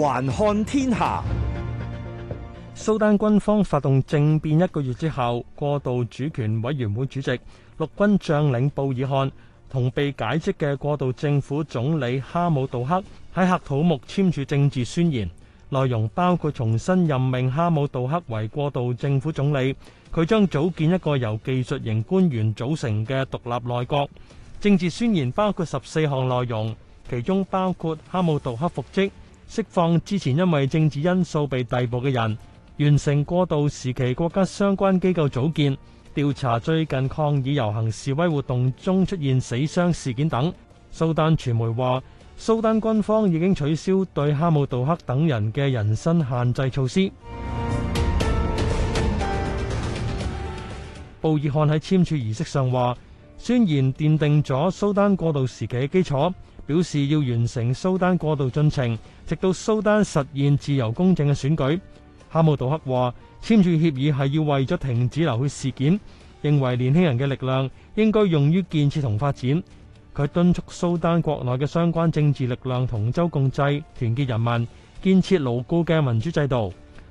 環看天下，蘇丹軍方發動政變一個月之後，過渡主權委員會主席陸軍將領布爾漢同被解職嘅過渡政府總理哈姆杜克喺喀土木簽署政治宣言，內容包括重新任命哈姆杜克為過渡政府總理，佢將組建一個由技術型官員組成嘅獨立內閣。政治宣言包括十四項內容，其中包括哈姆杜克復職。釋放之前因為政治因素被逮捕嘅人，完成過渡時期國家相關機構組建，調查最近抗議遊行示威活動中出現死傷事件等。蘇丹傳媒話，蘇丹軍方已經取消對哈姆杜克等人嘅人身限制措施。布爾漢喺簽署儀式上話。宣言奠定咗蘇丹過渡時期嘅基礎，表示要完成蘇丹過渡進程，直到蘇丹實現自由公正嘅選舉。哈姆杜克話，簽署協議係要為咗停止流血事件，認為年輕人嘅力量應該用於建設同發展。佢敦促蘇丹國內嘅相關政治力量同舟共濟，團結人民，建設牢固嘅民主制度。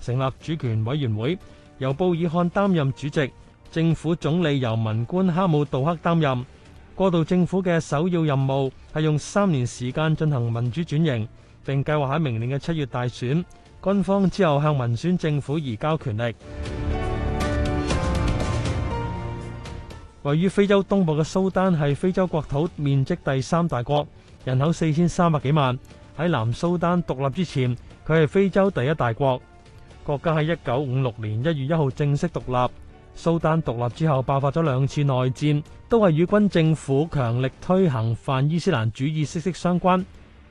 成立主權委員會，由布爾漢擔任主席，政府總理由文官哈姆杜克擔任。過渡政府嘅首要任務係用三年時間進行民主轉型，並計劃喺明年嘅七月大選，軍方之後向民選政府移交權力。 位於非洲東部嘅蘇丹係非洲國土面積第三大國，人口四千三百幾萬。喺南蘇丹獨立之前，佢係非洲第一大國。國家喺一九五六年一月一號正式獨立。蘇丹獨立之後，爆發咗兩次內戰，都係與軍政府強力推行泛伊斯蘭主義息息相關。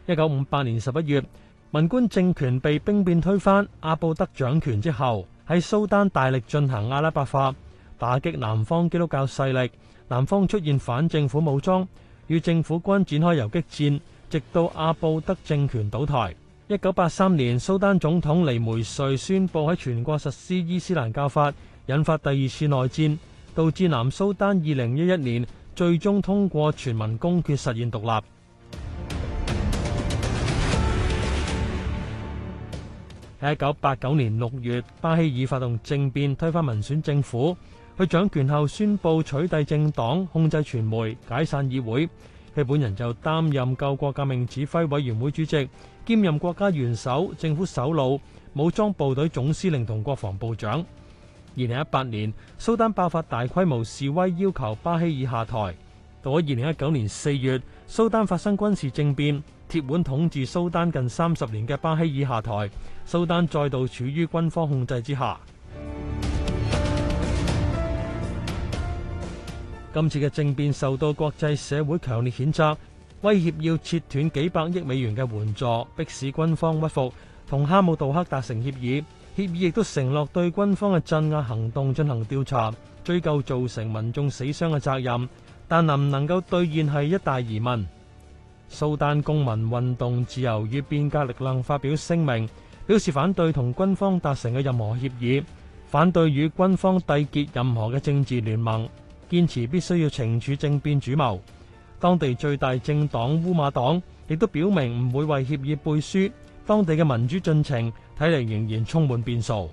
一九五八年十一月，文官政權被兵變推翻，阿布德掌權之後，喺蘇丹大力進行阿拉伯化，打擊南方基督教勢力。南方出現反政府武裝，與政府軍展開遊擊戰，直到阿布德政權倒台。一九八三年，蘇丹總統尼梅瑞宣布喺全國實施伊斯蘭教法，引發第二次內戰，導致南蘇丹。二零一一年，最終通過全民公決實現獨立。喺一九八九年六月，巴希爾發動政變，推翻民選政府，佢掌權後宣布取締政黨，控制傳媒，解散議會。佢本人就擔任救國革命指揮委員會主席，兼任國家元首、政府首腦、武裝部隊總司令同國防部長。二零一八年，蘇丹爆發大規模示威，要求巴希爾下台。到咗二零一九年四月，蘇丹發生軍事政變，鐵腕統治蘇丹近三十年嘅巴希爾下台，蘇丹再度處於軍方控制之下。今次嘅政變受到國際社會強烈譴責，威脅要切斷幾百億美元嘅援助，迫使軍方屈服，同哈姆杜克達成協議。協議亦都承諾對軍方嘅鎮壓行動進行調查，追究造成民眾死傷嘅責任，但能唔能夠兌現係一大疑問。蘇丹公民運動自由與變革力量發表聲明，表示反對同軍方達成嘅任何協議，反對與軍方締結任何嘅政治聯盟，堅持必須要懲處政變主謀，當地最大政黨烏馬黨亦都表明唔會為協議背書，當地嘅民主進程睇嚟仍然充滿變數。